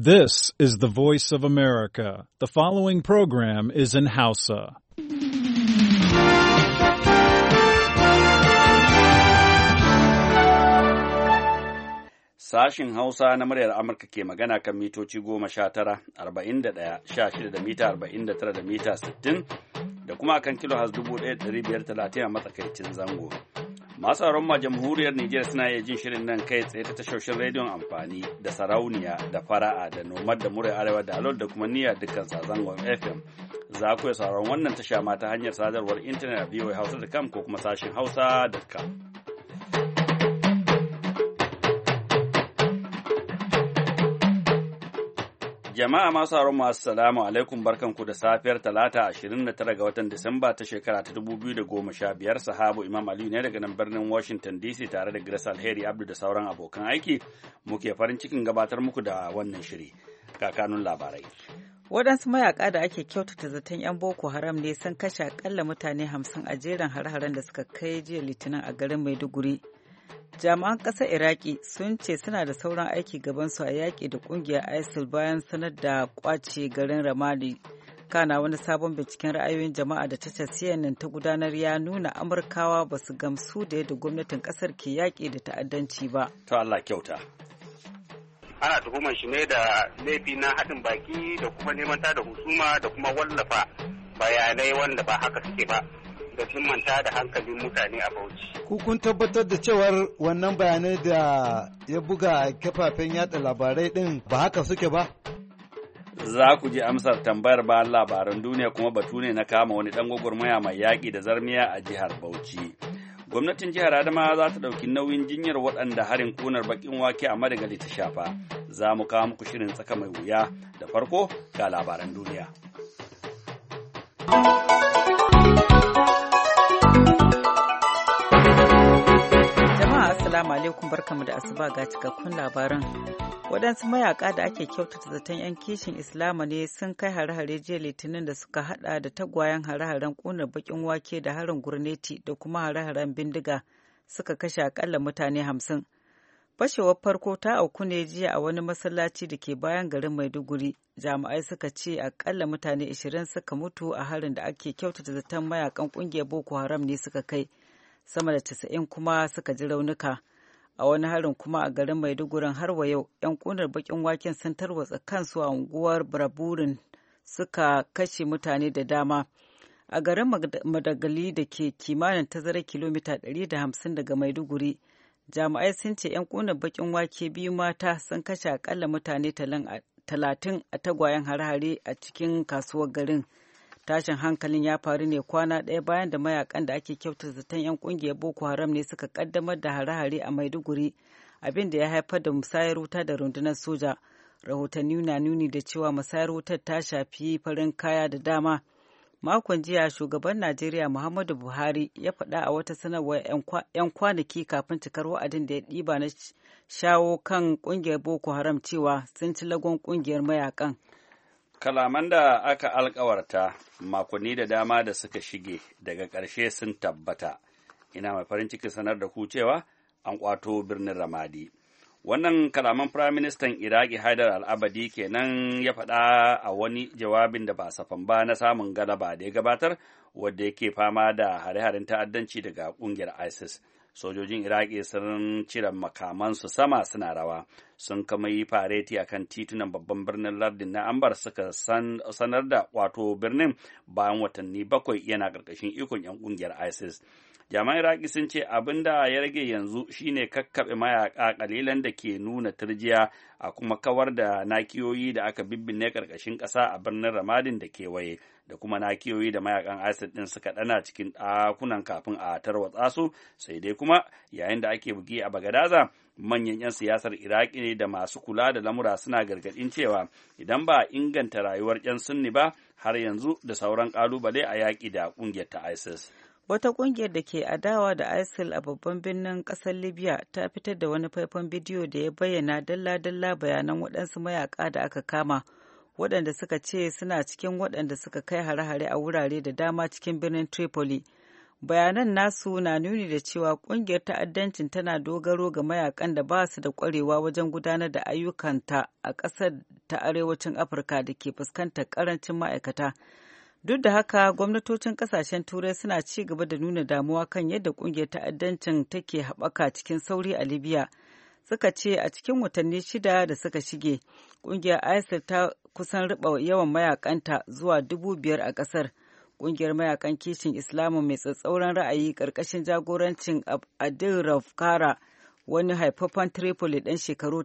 This is the voice of America. The following program is in Hausa. Sashin Hausa na muryar Amurka ke magana kan mitoci goma sha tara, arba'in da ɗaya, sha shida da mita arba'in da tara da mita sittin da kuma kan kilo has dubu ɗaya ɗari biyar talatin a matsakaicin zango. masu tsaron ma jamhuriyar Nijar suna iya jin shirin nan kai tsaye ta tashoshin rediyon amfani da sarauniya da fara'a da nomad da murai arewa da alol da kuma niyya dukkan sazangon FM. Za ku sauran wannan tasha ma ta hanyar sadarwar intanet a voahausa.com ko kuma sashin hausa.com. Jama'a masu haron masu salamu alaikum barkanku da safiyar talata ashirin da tara ga watan Disamba ta shekara ta da biyar sahabu Imam Aliyu ne daga nan birnin Washington DC tare da Grace Alheri Abdu da sauran abokan aiki muke farin cikin gabatar muku da wannan shiri kakanun labarai. wadansu mayaka da ake kyautata zaton 'yan Boko Haram ne sun kashe akalla mutane hamsin a jerin har haren da suka kai jiya Litinin a garin Maiduguri jami'an ƙasar iraki sun ce suna da sauran aiki gabansu a yaƙi da ƙungiyar isil bayan sanar da ƙwace garin ramadi kana wani sabon binciken ra'ayoyin jama'a da tashar cnn ta gudanar ya nuna amurkawa ba su gamsu da yadda gwamnatin ƙasar ke yaƙi da ta'addanci ba to allah kyauta ana tuhumar shi ne da laifi na haɗin baki da kuma neman da husuma da kuma wallafa bayanai wanda ba haka suke ba da manta da hankalin mutane a Bauchi. Ku tabbatar da cewar wannan bayanai da ya buga kafafen yada labarai din ba haka suke ba? Za ku ji amsar tambayar ba labaran duniya kuma batu ne na kama wani ɗan gwagwarmaya mai yaƙi da zarmiya a jihar Bauchi. Gwamnatin jihar Adama za ta ɗauki nauyin jinyar waɗanda harin ƙunar baƙin wake a madagali ta shafa. Za mu kawo muku shirin tsaka mai wuya da farko ga labaran duniya. Jama'a Assalamu alaikum barkamu da asuba ga cikakkun labaran. Waɗansu mayaka da ake kyautata zaton 'yan kishin Islama ne sun kai hare-hare jiya litinin da suka haɗa da tagwayen hare-haren ƙunar baƙin wake da harin gurneti da kuma hare-haren bindiga suka kashe akalla mutane hamsin. Fashewar farko ta auku ne jiya a wani masallaci da ke bayan garin Maiduguri. Jami'ai suka ce akalla mutane 20 suka mutu a harin da ake kyautata zaton mayakan kungiyar Boko Haram ne suka kai. Sama da 90 kuma suka ji raunuka. A wani harin kuma a garin Maiduguri har wa yau 'yan kunar bakin waken sun tarwatsa kansu a unguwar Braburin suka kashe mutane da dama. A garin Madagali da ke kimanin tazara kilomita 150 daga Maiduguri. jami'ai sun ce 'yan kuna bakin wake biyu mata sun kashe akalla mutane talatin a tagwayen hare-hare a cikin kasuwar garin tashin hankalin ya faru ne kwana ɗaya bayan da mayakan da ake kyauta zaton 'yan kungiyar boko haram ne suka kaddamar da hare-hare a maiduguri abin da ya haifar da musayar wuta da rundunar soja rahotanni na nuni da cewa musayar wutar ta shafi farin kaya da dama makon jiya shugaban najeriya muhammadu buhari ya faɗa a wata sanarwar 'yan kwanaki kafin cikar wa'adin da ya ɗiba na shawo kan ƙungiyar boko haram cewa sun ci lagon ƙungiyar mayakan kalaman da aka alkawarta makonni da dama da suka shige daga ƙarshe sun tabbata ina mai farin ciki sanar da ku cewa an kwato birnin ramadi wannan kalaman firaministan iraki haidar al'abadi kenan ya faɗa a wani jawabin da ba safan ba na samun galaba da ya gabatar wadda yake fama da hare-haren ta'addanci daga ƙungiyar isis sojojin iraki sun cire makamansu sama suna rawa sun kama yi fareti a kan titunan babban birnin lardin na ambar suka sanar da wato birnin bayan watanni bakwai yana ƙarƙashin ikon 'yan ƙungiyar isis jami'an iraki sun ce abin da ya rage yanzu shine kakkaɓe mayaƙa kalilan da ke nuna turjiya a kuma kawar da nakiyoyi da aka bibbinne karkashin ƙasa a birnin ramadin da kewaye da kuma nakiyoyi da mayakan isis ɗin suka dana cikin ɗakunan kafin a tarwatsa su sai dai kuma yayin da ake bugi a bagadaza manyan 'yan siyasar iraki ne da masu kula da lamura suna gargaɗin cewa idan ba a inganta rayuwar 'yan sunni ba har yanzu da sauran ƙalubale a yaƙi da ƙungiyar ta isis wata kungiyar da ke adawa da isil a babban birnin kasar libya ta fitar da wani faifan bidiyo da ya bayyana dalla-dalla bayanan waɗansu mayaka da aka kama waɗanda suka ce suna cikin waɗanda suka kai hare-hare a wurare da dama cikin birnin tripoli bayanan nasu na nuni da cewa kungiyar ta'addancin tana dogaro ga mayakan da ba su da kwarewa wajen gudanar da ayyukanta a ƙasar ta arewacin afirka da ke fuskantar ƙarancin ma'aikata Duk da haka gwamnatocin kasashen Turai suna ci gaba da nuna damuwa kan yadda kungiyar ta'addancin take haɓaka cikin sauri a Libya. Suka ce a cikin watanni shida da suka shige, kungiyar ISIL ta kusan riɓa yawan mayakanta zuwa dubu biyar a ƙasar. Kungiyar mayakan kishin Islamu mai tsatsauran ra'ayi ƙarƙashin jagorancin Adil Rafkara, wani haifafan Tripoli ɗan shekaru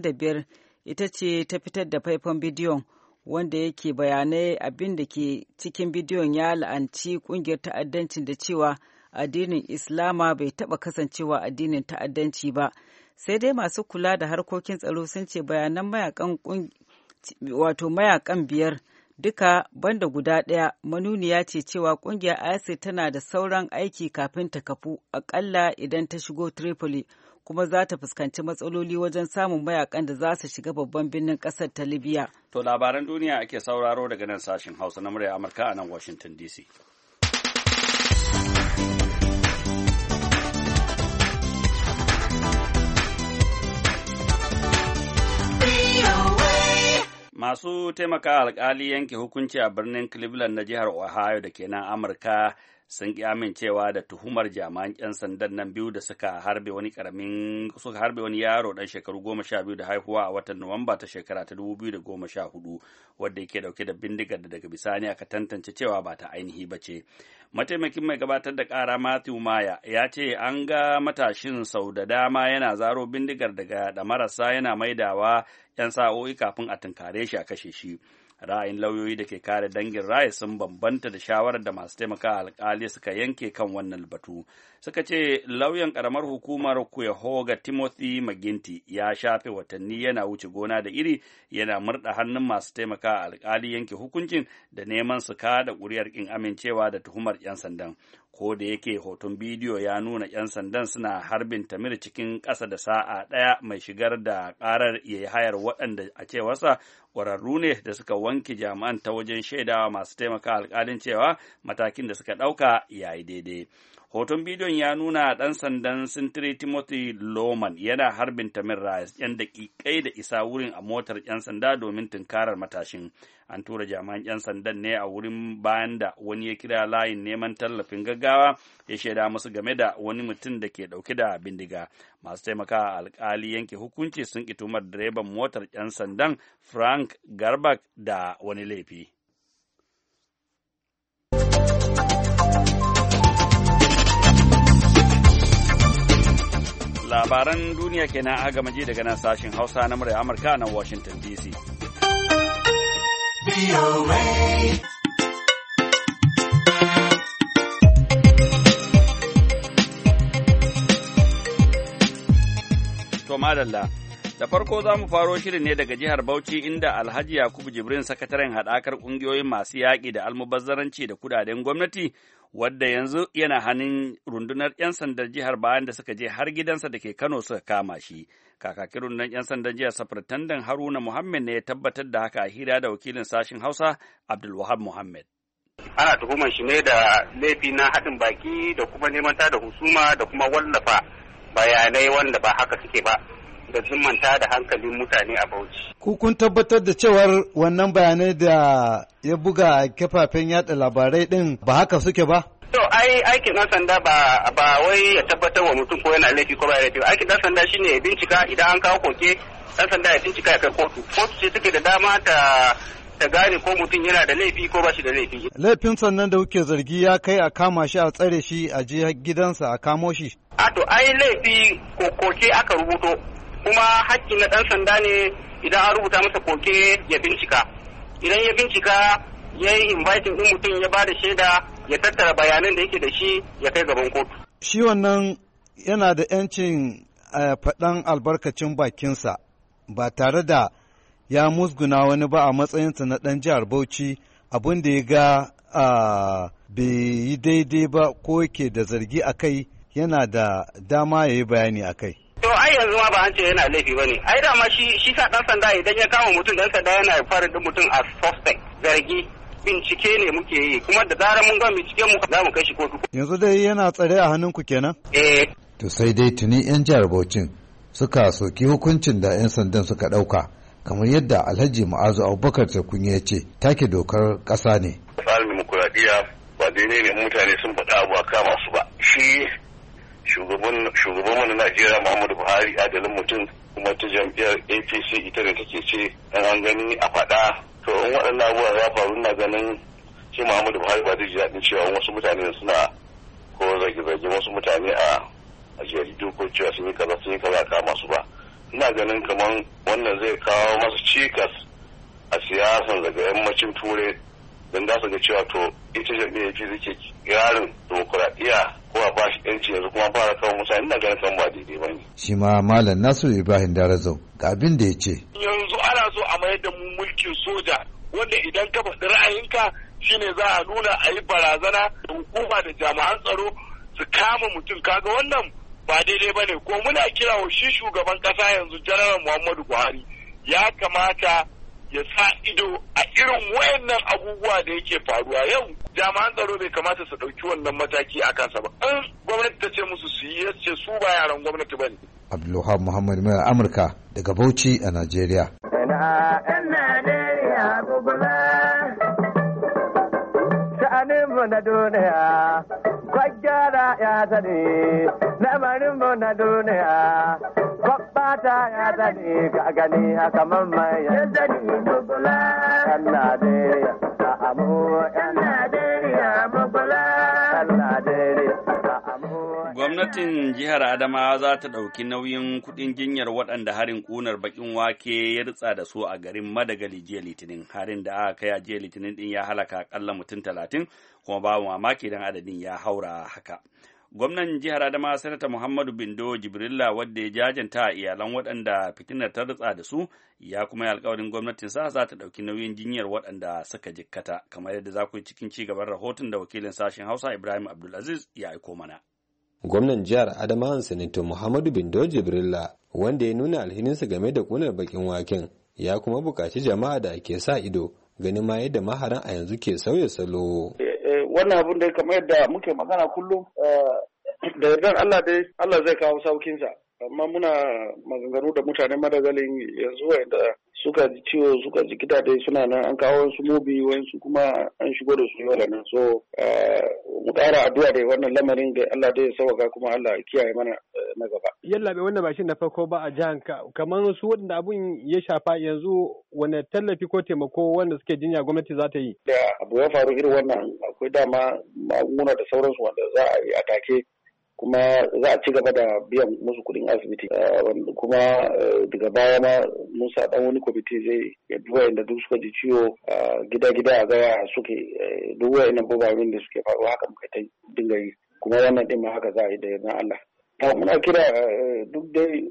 da biyar ita ce ta fitar da faifan bidiyon. wanda yake bayanai abin da ke cikin bidiyon ya la'anci kungiyar ta'addancin da cewa addinin islama bai taɓa kasancewa addinin ta'addanci ba sai dai masu kula da harkokin tsaro sun ce bayanan mayakan wato mayakan biyar duka banda guda ɗaya manuniya ce cewa kungiyar isis tana da sauran aiki kafin ta kafu akalla idan ta shigo tripoli kuma za ta fuskanci matsaloli wajen samun mayakan da za su shiga babban birnin ƙasar ta libya to labaran duniya ake sauraro daga nan sashen hausa na murya amurka a nan washington dc Masu taimaka alkali yanke hukunci a birnin Cleveland na jihar Ohio da ke nan Amurka sun ƙi amincewa da tuhumar jami'an 'yan sandan nan biyu da suka harbe wani karamin suka harbe wani yaro dan shekaru goma sha biyu da haihuwa a watan Nuwamba ta shekara ta dubu biyu da goma sha hudu wadda yake dauke da bindigar da daga bisani aka tantance cewa ba ta ainihi ba ce. Mataimakin mai gabatar da ƙara Matthew Maya ya ce an ga matashin sau da dama yana zaro bindigar daga da marasa yana maidawa 'yan sa'o'i kafin a tunkare shi a kashe shi. ra'ayin lauyoyi da ke kare dangin raya sun bambanta da shawarar da masu taimaka alkali suka yanke kan wannan batu suka ce lauyan karamar hukumar Cuyahoga Timothy Maginti ya shafe watanni yana wuce gona da iri yana murda hannun masu taimaka alkali yanke hukuncin da neman su kada ƙuri'ar kin amincewa da tuhumar 'yan sandan. Ko da yake hoton bidiyo ya nuna 'yan sandan suna harbin Tamir cikin ƙasa da sa'a ɗaya mai shigar da ƙarar ya yi hayar waɗanda a cewarsa ƙwararru ne da suka wanke jami'an ta wajen shaidawa masu taimaka alkalin cewa matakin da suka ɗauka ya yi daidai. hoton bidiyon ya nuna ɗan sandan sintiri timothy loman yana harbin tamir rice yan daƙiƙai da isa wurin a motar yan sanda domin tunkarar matashin an tura jami'an yan sandan ne a wurin bayan da wani ya kira layin neman tallafin gaggawa ya shaida musu game da wani mutum da ke ɗauke da bindiga masu taimaka alkali yanke hukunci sun ƙi tumar direban motar yan sandan frank garbak da wani laifi labaran duniya kenan a gama ji daga nan sashen hausa na murya amurka nan washington dc to madalla Da farko za mu faro shirin ne daga jihar Bauchi inda Alhaji Yakubu Jibrin sakataren haɗakar ƙungiyoyin masu yaƙi da almubazzaranci da kudaden gwamnati wadda yanzu yana hannun rundunar 'yan sandan jihar bayan da suka je har gidansa da ke Kano suka kama shi. Kakakin rundunar 'yan sandar jihar Safartandan Haruna Muhammad ne ya tabbatar da haka a hira da wakilin sashen Hausa Abdulwahab Muhammad. Ana tuhumar shi ne da laifi na haɗin baki da kuma neman da husuma da kuma wallafa bayanai wanda ba haka suke ba. da zumunta da hankalin mutane a Bauchi. Ku kun tabbatar da cewar wannan bayanai da ya buga kafafen yada labarai din ba haka suke ba? To ai aikin ɗan sanda ba ba wai ya tabbatar wa mutum ko yana laifi ko ba laifi aikin ɗan sanda shine ya bincika idan an kawo koke ɗan sanda ya bincika ya kai kotu kotu ce take da dama ta ta gane ko mutum yana da laifi ko ba shi da laifi. Laifin sannan da kuke zargi ya kai a kama shi a tsare shi a je gidansa a kamo shi. A to ai laifi ko koke aka rubuto kuma hakki na ɗan sanda ne idan an rubuta masa koke ya bincika idan ya bincika ya yi inviting ɗin mutum ya ba da shaida ya tattara bayanan da yake da shi ya kai gaban kotu shi wannan yana da 'yancin faɗan albarkacin bakinsa ba tare da ya musguna wani ba a matsayinsa na ɗan jihar Bauchi abun da ya ga bai yi daidai ba ko yake da zargi a kai yana da dama ya yi bayani a kai. to ai yanzu ma ba an ce yana laifi ba ne ai ma shi shi sa dan sanda idan ya kama mutum dan sanda yana fara da mutum a suspect zargi bincike ne muke yi kuma da zarar mun ga binciken mu za mu kai shi kotu yanzu dai yana tsare a hannun ku kenan eh to sai dai tuni yan jihar Bauchin suka soki hukuncin da yan sandan suka dauka kamar yadda Alhaji Ma'azu Abubakar Tekun ya ce take dokar kasa ne tsarin demokuraɗiyya ba daidai ne mutane sun faɗa abu a kama su ba shi shugaban na Najeriya Muhammadu Buhari adalin mutum kuma ta jam'iyyar APC ita da take ce an gani a faɗa to in waɗannan abubuwa ya faru na ganin shi Muhammadu Buhari ba zai ji daɗin cewa wasu mutane suna ko zage-zage wasu mutane a a ko cewa sun yi kaza sun yi kaza ka masu ba ina ganin kamar wannan zai kawo masu cikas a siyasan daga yammacin turai don za su ga cewa to ita jam'iyyar APC ke yarin demokuraɗiyya kuma ba shi ɗanci yanzu kuma fara kawo mutane ina ganin kan ba daidai ba ne. shi ma malam nasiru ibrahim darazau ga abin da ya ce. yanzu ana so a mayar da mu mulkin soja wanda idan ka faɗi ra'ayinka shine za a nuna a yi barazana da hukuma da jami'an tsaro su kama mutum kaga wannan ba daidai ba ne ko muna kira wa shi shugaban ƙasa yanzu janaral muhammadu buhari ya kamata ya sa ido a irin wayannan abubuwa da yake faruwa yau jami'an tsaro bai kamata su ɗauki wannan mataki a kansa ba in gwamnati ta ce musu su yi ce su ba yaran gwamnati ba ne. Abdulwahab Muhammad mai Amurka daga Bauchi a Najeriya. ya sani, na duniya, bata ya zane gani haka ya zane mugula a amu Gwamnatin jihar Adama za ta ɗauki nauyin kuɗin jinyar waɗanda harin ƙunar baƙin wake ya ritsa da su a garin Madagali jiya Litinin. Harin da aka kai a jiya Litinin ɗin ya halaka ƙalla mutum talatin kuma babu mamaki don adadin ya haura haka. gwamnan jihar adama sanata muhammadu bindo jibrilla wadda ya jajanta a iyalan waɗanda fitinar ta rutsa da su ya kuma yi alkawarin gwamnatin sa za ta ɗauki nauyin jinyar waɗanda suka jikkata kamar yadda za ku yi cikin ci gaban rahoton da wakilin sashen hausa ibrahim abdulaziz ya aiko mana gwamnan jihar adama sanata muhammadu bindo jibrilla wanda ya nuna alhininsa game da kunar bakin waken ya kuma buƙaci jama'a da ke sa ido ganin ma yadda maharan a yanzu ke sauya salo. wannan abin da kama yadda muke magana kullum eh, da yardan Allah dai Allah zai kawo saukinsa amma muna maganganu da mutane madagalin yanzu wanda suka ji ciwo suka ji dai suna nan an kawo su mobi kuma an shigo da su da nan so eh, mu ƙara addu'a da wannan lamarin da Allah dai ya sauka kuma Allah kiyaye mana eh, na gaba yalla bai wannan shi na farko ba a jihar ka kamar su wanda abun ya shafa yanzu wani tallafi ko taimako wanda suke jinya gwamnati za ta yi da abu ya faru irin wannan akwai dama magunguna da sauransu wanda za a yi a take kuma za a ci gaba da biyan musu kuɗin asibiti eh, kuma eh, daga baya ma Musa ɗan wani kwamiti zai ya duba inda duk suka ji ciwo gida-gida a gaya suke eh, duk ba bubamin da suke faruwa haka muka ta dinga yi kuma wannan ɗin ma haka za a yi da yanzu Allah. muna kira duk dai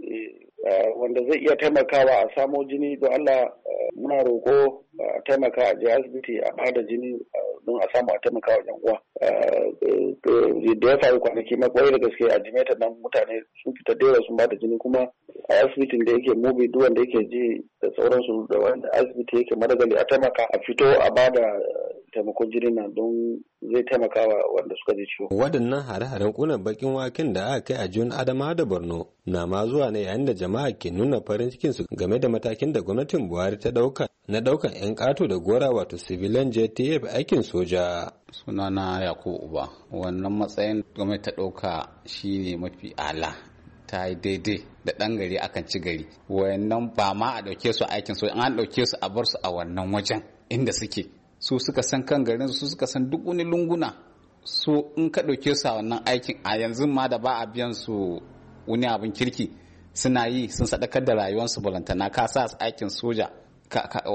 Eh, wanda zai iya taimakawa a samo jini don Allah eh, muna roko eh, a taimaka a je asibiti a bada jini don a samu a taimaka wa uwa. da ya faru kwanaki makwai da gaske a jimeta nan mutane sun fita da yawa sun bada jini kuma a asibitin da yake mubi duwanda yake ji da sauransu da wanda asibiti yake madagali a taimaka a fito a bada taimakon jini na don zai taimaka wa wanda suka ji ciwo. Waɗannan hare-haren ƙunar bakin waken da aka kai a jun Adama da Borno na ma zuwa ne yayin da jama'a ke nuna farin cikin su game da matakin da gwamnatin Buhari ta ɗauka na ɗaukan 'yan ƙato da gora wato civilian JTF aikin soja. Sunana Yakubu Uba, wannan matsayin gwamnati ta ɗauka shine mafi ala ta yi daidai da ɗan gari akan ci gari wayannan ba ma a ɗauke su aikin soja an ɗauke su a bar su a wannan wajen inda suke su suka san kan garin su suka san duk wani lunguna su in ka ɗauke su a wannan aikin a yanzu ma da ba a biyan su wani abin kirki suna yi sun sadakar da rayuwarsu balantana ka sa su aikin soja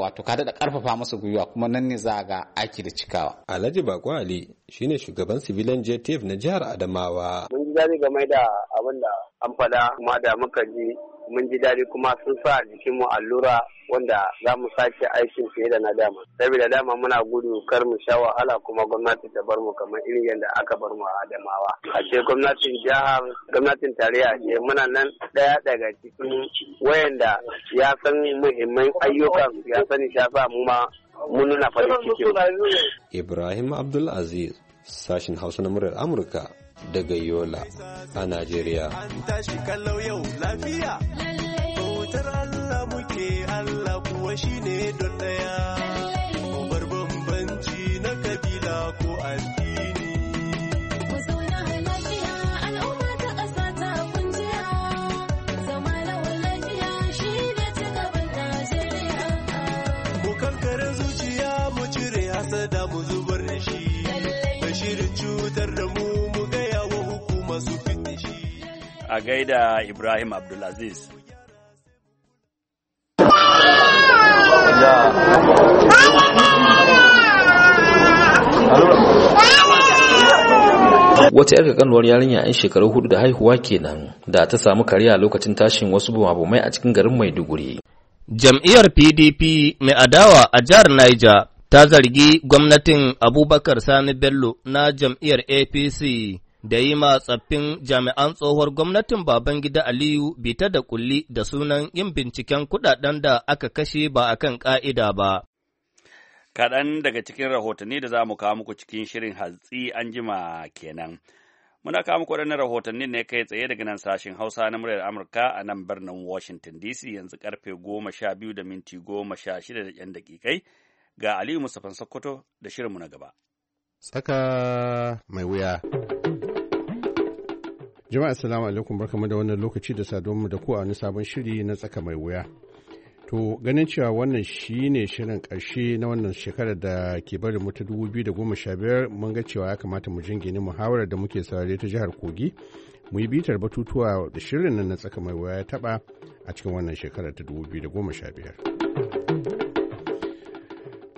wato ka daɗa ƙarfafa masa gwiwa kuma nan ne za a ga aiki da cikawa. Alhaji Bako Ali ne shugaban civilian JTF na jihar Adamawa. Mun ji daɗi game da abin da an faɗa kuma da muka ji mun ji daɗi kuma sun sa a mu allura wanda za mu sake aikin fiye da na dama. Saboda dama muna gudu kar mu sha wahala kuma gwamnati ta bar mu kamar irin yadda aka bar mu a Adamawa. A ce gwamnatin jihar, gwamnatin tarayya ce muna nan ɗaya daga cikin wayanda ya san muhimman ayyukan ya sani shafa mu ma mun nuna farin ciki. Ibrahim Abdulaziz sashin hausa na muryar amurka daga yola a najeriya an tashi kallau yau lafiya bautar allah muke allah kuwa shine don daya a gaida Ibrahim Abdulaziz. wata yar kanuwar yarinya yan shekaru hudu da haihuwa kenan da ta samu kariya lokacin tashin wasu bumabumai a cikin garin maiduguri jam'iyyar pdp mai adawa a jihar niger ta zargi gwamnatin abubakar sani bello na jam'iyyar apc da yi ma tsaffin jami'an tsohuwar gwamnatin Babangida Aliyu bita da kulli da sunan yin binciken kudaden da aka kashe ba a kan ƙa'ida ba. Kaɗan daga cikin rahotanni da za mu kawo muku cikin shirin hatsi an jima kenan. Muna kawo muku waɗannan rahotanni ne kai tsaye daga nan sashen Hausa na muryar Amurka a nan birnin Washington DC yanzu karfe goma sha biyu da minti goma sha shida da daƙiƙai ga Aliyu Mustapha Sokoto da shirinmu na gaba. Tsaka mai wuya. Jama'a assalamu alaikum barkamu da wannan lokaci da saduwanmu da ku a wani sabon shiri na tsaka mai wuya. To ganin cewa wannan shi ne shirin karshe na wannan shekarar da ke bari mu ta biyar mun ga cewa ya kamata mu jingine muhawarar da muke saurare ta jihar Kogi mu yi bitar batutuwa da shirin nan na tsaka mai wuya ya taɓa a cikin wannan shekarar ta biyar.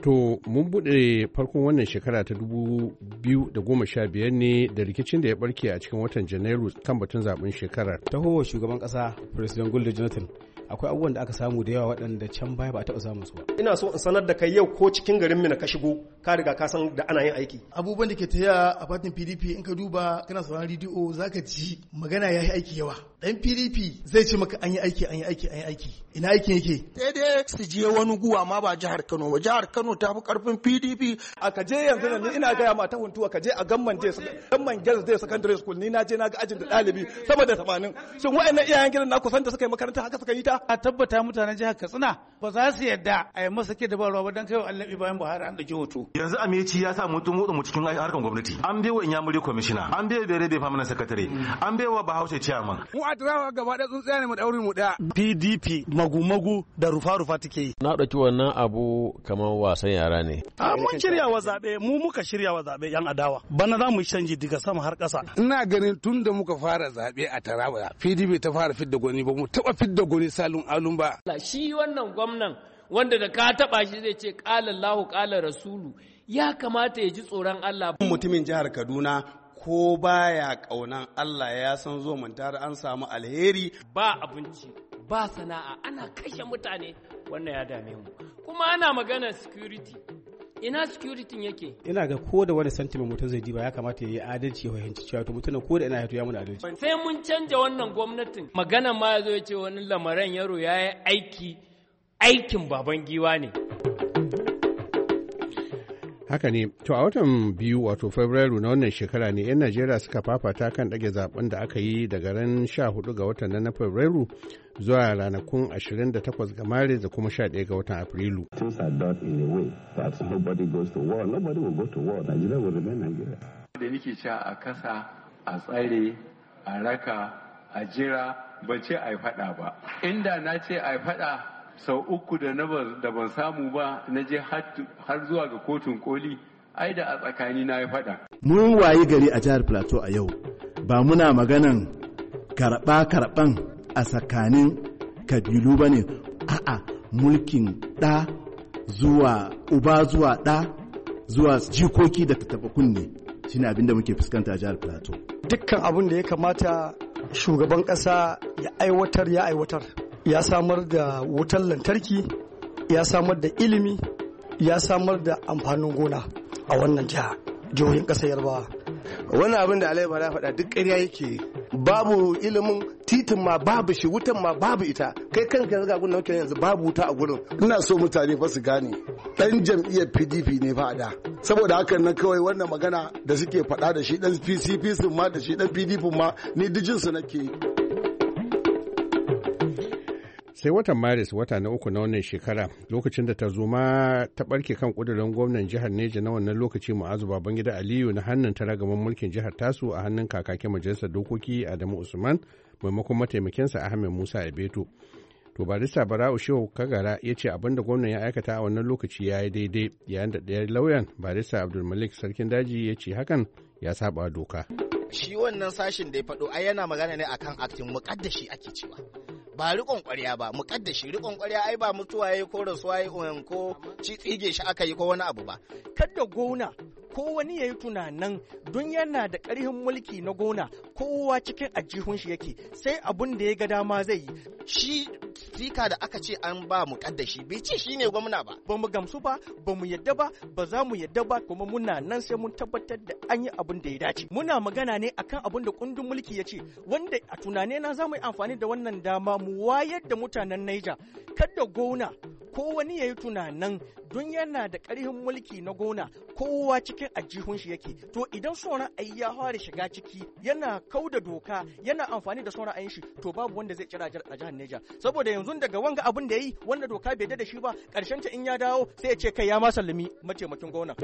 To mun buɗe farkon wannan shekara ta 2015 ne da rikicin da ya barke a cikin watan Janairu kan batun zaben shekarar. ta hoho shugaban ƙasa President Goodluck Jonathan akwai abubuwan da aka samu da yawa waɗanda can baya ba a taɓa samun su Ina so in sanar da kai yau ko cikin garin mu na ka shigo ka riga ka san da ana yin aiki abubuwan da ke taya a fatin pdp in ka duba kana sauraron rediyo ka ji magana ya yi aiki yawa dan pdp zai ce maka an yi aiki an yi aiki an yi aiki ina aikin yake daidai su je wani guwa ma ba jihar kano ba jihar kano ta fi karfin pdp a ka je yanzu nan ina gaya ma ta huntuwa ka je a gamman je gamman girls day secondary school ni na je na ga ajin da dalibi saboda da shin wa'annan iyayen gidan na kusan da suka yi makaranta haka suka yi ta a tabbata mutanen jihar katsina ba za su yadda a yi masa ke da ba ruwa ba don kai wa allah ibrahim buhari an ɗauki hoto yanzu ameci ya sa mutum mutum mu cikin harkan gwamnati an bai wa inyamuri komishina. an bai bere bai famana sakatare an bai wa bahaushe ciyaman mu a tarawa gaba da tsuntsaya ne mu daure mu daya pdp magu-magu da rufa-rufa take yi na dauki wannan abu kamar wasan yara ne a mun shirya wa zabe mu muka shirya wa zabe yan adawa bana za mu canji daga sama har kasa ina ganin tun da muka fara zabe a taraba pdp ta fara fidda gwani ba mu taba fidda gwani salun alun ba shi wannan gwamnan wanda da ka taba shi zai ce qala Allahu rasulu ya kamata ya ji tsoron Allah mutumin jihar Kaduna ko baya kaunan Allah ya san zo mantar an samu alheri ba abinci ba sana'a ana kashe mutane wannan ya dame mu kuma ana magana security ina security yake ina ga ko da wani sentiment mutum zai diba ya kamata ya yi adalci ya fahimci cewa to mutum ko da ina ya mun adalci sai mun canja wannan gwamnatin magana ma ya zo ya ce wani lamaran yaro ya yi aiki aikin baban giwa ne haka ne to a watan biyu wato fabrairu na wannan shekara ne 'yan najeriya suka fafata kan ɗage zaben da aka yi daga ran 14 ga watan na fabrairu zuwa ranakun 28 ga maris da kuma 11 ga watan afrilu da nake cewa a kasa a tsare a raka a jira ba ce a yi faɗa ba inda na ce a yi faɗa sau uku da da ban samu ba na je har zuwa ga kotun koli ai da a tsakani na ya faɗa. mun wayi gari a jihar plateau a yau ba muna maganan karɓa-karɓan a tsakanin kabilu ba ne a'a mulkin ɗa zuwa uba zuwa ɗa zuwa jikoki da taɓa kunne shine abin da muke fuskanta a jihar plateau dukkan abin da ya kamata shugaban ƙasa ya aiwatar ya aiwatar ya samar da wutar lantarki ya samar da ilimi ya samar da amfanin gona a wannan jiha jihohin ƙasar yarbawa wani abin da alayyar ya faɗa duk karya yake babu ilimin titin ma babu shi wutan ma babu ita kai kanka yanzu ga gudun yanzu babu wuta a gurin ina so mutane fa su gane dan jam'iyyar pdp ne fa da saboda haka na kawai wannan magana da suke faɗa da shi dan pcp sun ma da shi dan pdp ma ni dijinsu nake yi sai watan maris wata na uku na wannan shekara lokacin da ta zo ma ta barke kan kudurin gwamnan jihar neja na wannan lokaci mu'azu babangida aliyu na hannun taragaman mulkin jihar tasu a hannun kakakin majalisar dokoki adamu usman maimakon mataimakinsa ahmed musa ibeto to barista bara'u shehu kagara ya ce abin da gwamnan ya aikata a wannan lokaci ya yi daidai yayin da ɗaya lauyan barista abdulmalik sarkin daji ya ce hakan ya saba doka. shi wannan sashin da ya faɗo ai yana magana ne akan aktin muƙaddashi ake cewa ba riƙon ƙwarya ba muƙaddashi riƙon ƙwarya ai ba mutuwa yayi ko rasuwa yayi um, ko ci tsige shi aka yi ko wani abu ba kada gona ko wani ya yi tunanin don yana da ƙarfin mulki na gona kowa cikin ajihun shi yake sai abun da ya ga dama zai yi shi sika da aka ce an ba mu kaddashi bai ce shine gwamna ba ba mu gamsu ba ba mu yadda ba ba za mu yadda ba kuma muna nan sai mun tabbatar da an yi abin da ya dace muna magana ne akan abin da kundin mulki ya ce wanda a tunane na za mu yi amfani da wannan dama mu wayar da mutanen Niger kadda gona ko wani ya yi tunanin don yana da ƙarfin mulki na gona kowa cikin ajihun shi yake to idan son ayi ya fara shiga ciki yana kau da doka yana amfani da son ra'ayin shi to babu wanda zai kira a jihar Neja saboda yanzu daga wanga abin da yi wanda doka bai da shi ba karshen ta in ya dawo sai ya ce kai ya ma sallami mataimakin gona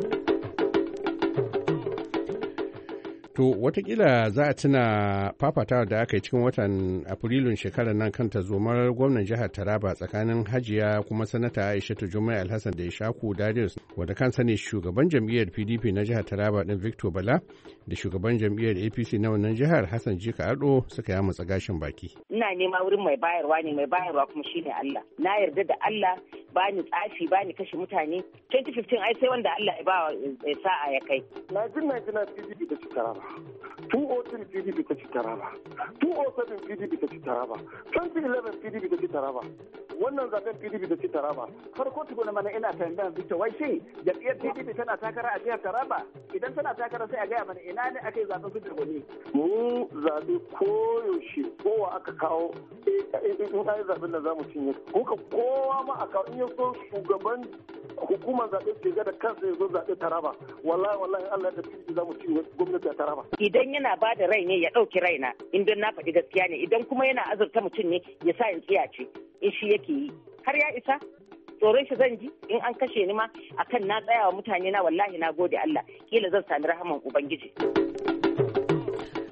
To watakila za a tuna fafatawa da aka yi cikin watan Afrilun shekarar nan kanta zomar gwamnan jihar Taraba tsakanin Hajiya kuma sanata ta Jumai Alhassan da ishaku Darius wanda kansa ne shugaban jam'iyyar PDP na jihar Taraba din Victor Bala da shugaban jam'iyyar APC na wannan jihar Hassan Jika Ado suka yi matsa gashin baki. Ina nema wurin mai bayarwa ne mai bayarwa kuma shine Allah. Na yarda da Allah bani tsafi bani kashe mutane 2015 ai sai wanda Allah ya ba sa'a ya kai. Na jin na jina PDP da shekarar. 203 pdp ta ci taraba 207 pdp ta ci taraba 2011 pdp ta ci taraba wannan zaben pdp ta ci taraba farko tukuna mana ina tambayan victor wai shin jam'iyyar pdp tana takara a jihar taraba idan tana takara sai a gaya mana ina ne aka yi zaben su jirgoni mu zaɓe koyaushe kowa aka kawo eh, eh, in an yi zaɓen da za mu cinye kuka kowa ma a kawo in ya so shugaban hukumar zaɓe ke ga da kansa ya zo zaɓe taraba wallahi wallahi allah ya tafi za mu cinye gwamnati a taraba ba. idan yana ba da rai ne ya ɗauki raina in don na faɗi gaskiya ne idan kuma yana azurta mutum ne ya sa in ce in shi yake yi har ya isa tsoron shi zan ji in an kashe ni ma akan na tsaya wa mutane na wallahi na gode Allah kila zan sami rahaman ubangiji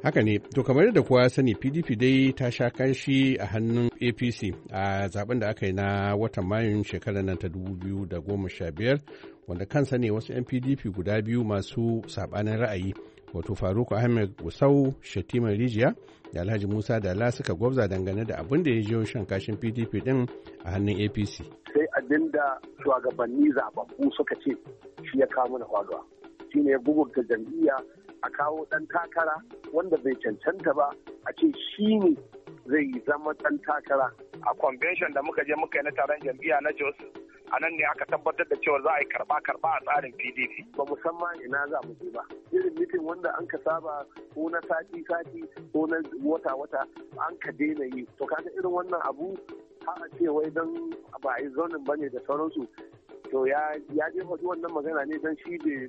haka ne to kamar yadda kowa sani pdp dai ta sha kanshi a hannun apc a zaben da aka yi na watan mayun shekarar nan ta biyar wanda kansa ne wasu 'yan pdp guda biyu masu sabanin ra'ayi wato faruk ahmed gusau shatima rijiya da alhaji musa da dala suka gwabza dangane da abin da ya jiyo shan kashin pdp din a hannun apc sai abin da shugabanni zababbu suka ce shi ya kawo mana faruwa shine ya gugurta jam'iyya a kawo ɗan takara wanda bai cancanta ba a ce shi ne zai zama ɗan takara a convention da muka je muka yi na taron jam'iyya na jos a nan ne aka tabbatar da cewa za a yi karba karba a tsarin pdp ba musamman ina za mu je ba irin mitin wanda an ka saba ko na sati sati ko na wata wata an ka daina yi to kaga irin wannan abu har a ce wai don ba a yi zonin bane da sauransu to ya ya je faɗi wannan magana ne don shi ne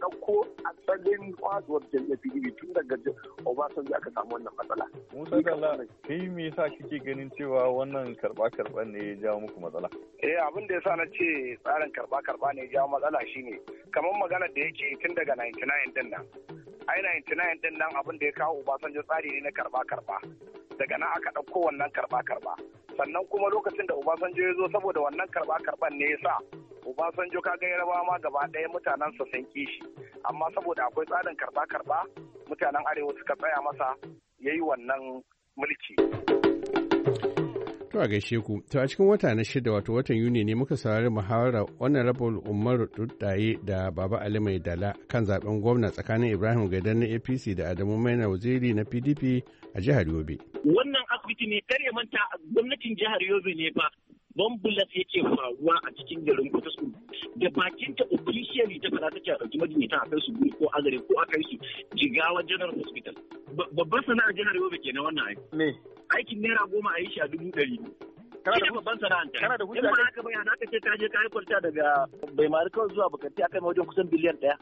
ɗauko asalin kwazuwar jami'a PDP tun daga Obasanjo aka samu wannan matsala. Musa Dalla kai me yasa kike ganin cewa wannan karba karba ne ya jawo muku matsala? Eh abin da yasa na ce tsarin karba karba ne ya jawo matsala shine kamar magana da yake tun daga 99 din nan. Ai 99 din nan abin da ya kawo Obasanjo tsari ne na karba karba Daga nan aka ɗauko wannan karba karba sannan kuma lokacin da Obasanjo ya zo saboda wannan karba karban ne ya sa Obasanjo kaga Yarabawa ma gaba ɗaya mutanen sa sun kishi amma saboda akwai tsarin karba karba mutanen Arewa suka tsaya masa yayi wannan mulki. To a gaishe ku, to a cikin wata na shida wato watan Yuni ne muka saurari muhawara Honorable Umaru Duddaye da Baba Ali Mai Dala kan zaben gwamna tsakanin Ibrahim Gaidan na APC da Adamu Maina Waziri na PDP a jihar Yobe. Wannan asibiti ne kare manta gwamnatin jihar Yobe ne ba bambulas yake faruwa a cikin garin Potoskum da bakin ta officially ta fara ta ce a ɗauki majinyata a kai su ko azare ko a kai su jigawa general hospital babban sana'ar jihar Yobe na wannan aiki. aikin naira goma a yi shi a dubu ɗari kana da babban sana'an ta kana da hujja ce ka je ka yi kwalta daga bai mari kawai zuwa bukati akai wajen kusan biliyan daya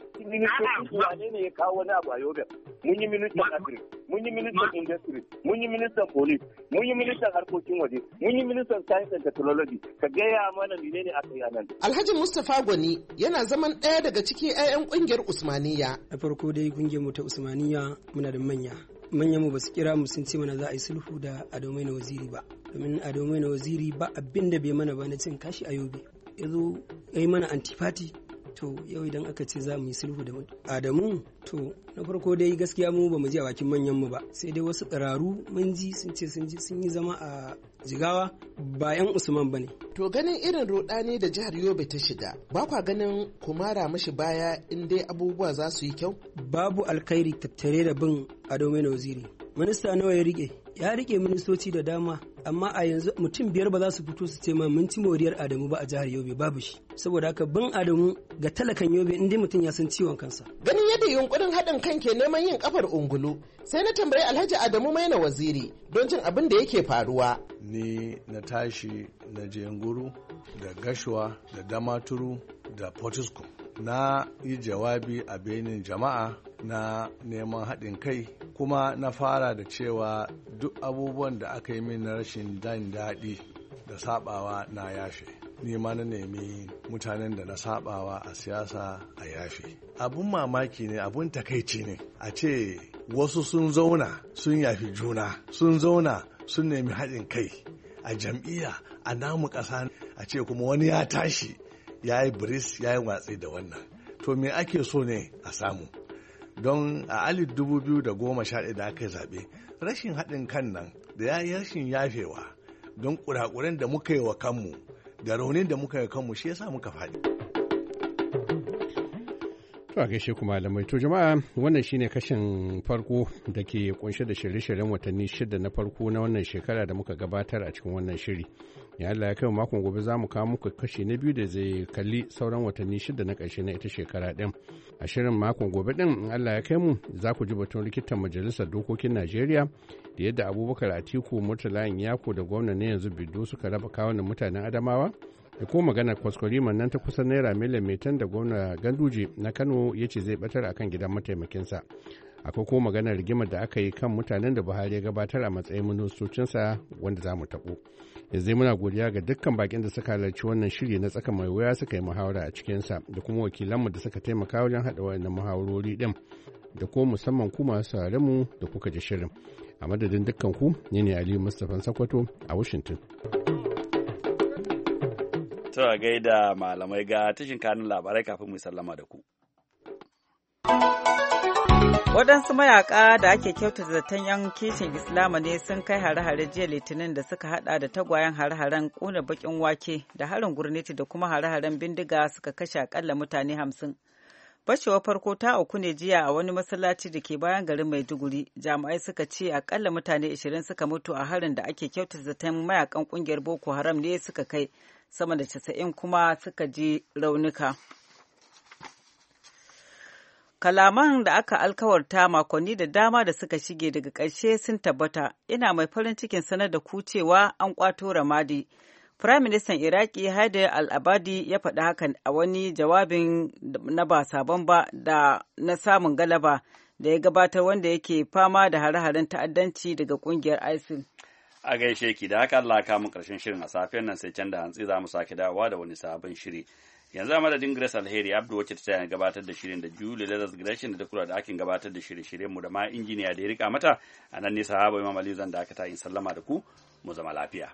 wane ne ya kawo wani abu a yobe mun yi ministan agri mun yi ministan industry mun yi ministan police mun yi ministan harkokin waje mun yi ministan science and technology ka gaya mana menene aka yi anan alhaji mustapha gwani yana zaman ɗaya daga cikin 'ya'yan kungiyar usmaniya na farko dai kungiyar mu ta usmaniya muna da manya manyan mu basu kira mu sun ce mana za a yi sulhu da adomai na waziri ba domin adomai na waziri ba abinda bai mana ba na cin kashi a yobe ya zo ya yi mana antifati to yau idan aka ce za mu yi sulhu da adamu to na farko dai gaskiya mu ba mu ji a bakin manyan mu ba sai dai wasu ƙararu mun ji sun ce sun ji sun yi zama a jigawa ba yan usman bane to ganin irin rudani da jihar yobe ta shiga ba kwa ganin kumara mashi baya in dai abubuwa za su yi kyau babu alkhairi tattare da bin ado mai waziri minista nawa ya rike ya rike ministoci da dama amma a yanzu mutum biyar ba za su fito su ce ma mun ci moriyar Adamu ba a jihar Yobe babu shi saboda haka bin Adamu ga talakan Yobe in dai mutum ya san ciwon kansa ganin yadda yunkurin haɗin kan ke neman yin kafar ungulu sai na tambayi Alhaji Adamu mai na Waziri don jin abin da yake faruwa ni na tashi na jenguru da gashuwa da damaturu da potiskum na yi jawabi a benin jama'a na neman haɗin kai kuma na fara da cewa duk abubuwan da aka yi min na rashin dan daɗi da sabawa na yafe ni ma na nemi mutanen da na sabawa a siyasa a yafe abun mamaki ne abun takaici ne a ce wasu sun zauna sun yafi juna sun zauna sun nemi haɗin kai a jam'iyya a namu ƙasa a ce kuma wani ya tashi ya yi biris ya yi watsi da wannan to me ake so ne a samu don a alif dubu biyu da goma sha da aka yi zaɓe rashin haɗin kan nan da ya yi rashin yafewa don kurakuren da muka yi wa kanmu da raunin da muka yi kanmu shi ya yasa muka faɗi. To a gaishe kuma alamai to jama'a wannan shine kashin farko da ke kunshe da shirye-shiryen watanni shida na farko na wannan shekara da muka gabatar a cikin wannan shiri. ya Allah ya kai makon gobe za mu kawo muku kashi na biyu da zai kalli sauran watanni shida na ƙarshe na ita shekara ɗin a shirin makon gobe ɗin in Allah ya kai mu za ku ji batun rikitan majalisar dokokin Najeriya da yadda Abubakar Atiku Murtala Yako da gwamna ne yanzu Bido suka raba kawunan mutanen Adamawa da ko maganar kwaskwari nan ta kusan naira miliyan metan da gwamna ganduje na kano ya ce zai batar a kan gidan mataimakin sa akwai ko maganar rigimar da aka yi kan mutanen da buhari ya gabatar a matsayin ministocinsa wanda za mu taɓo da zai muna godiya ga dukkan bakin da suka halarci wannan shiri na tsaka mai wuya suka yi muhawara a cikinsa da kuma wakilanmu da suka taimaka wajen haɗa wannan muhawarori din da ko musamman ku masu mu da kuka ji shirin a madadin dukkan ku ne ne aliyu mustapha sakwato a washington to a gaida malamai ga tashin kanun labarai kafin mu sallama da ku Waɗansu mayaƙa da ake kyautata zaton 'yan kishin Islama ne sun kai hare-hare jiya Litinin da suka hada da tagwayen hare-haren ƙuna bakin wake da harin gurneti da kuma hare-haren bindiga suka kashe akalla mutane hamsin. Bashewar farko ta auku ne jiya a wani masallaci da ke bayan garin Maiduguri. Jami'ai suka ce akalla mutane 20 suka mutu a harin da ake kyautata zaton mayakan ƙungiyar Boko Haram ne suka kai, sama da 90 kuma suka ji raunuka. kalaman da aka alkawarta makonni da dama da suka shige daga ƙarshe sun tabbata ina mai farin cikin sanar da ku cewa an kwato ramadi firayim ministan iraki haidar al-abadi ya faɗi hakan a wani jawabin na ba sabon ba da na samun galaba da ya gabatar wanda yake fama da hare-haren ta'addanci daga ƙungiyar isil a gaishe ki da haka allah kamun ƙarshen shirin a safiyar nan sai can da hantsi za mu sake dawowa da wani sabon shiri yanzu a madadin grace alheri abdu wacce ta tayar gabatar da shirin da julie lazarus gresham da ta kula da akin gabatar da shirye-shiryen mu da ma injiniya da ya rika mata a nan ne sahaba imam ali zan da aka ta in sallama da ku mu zama lafiya.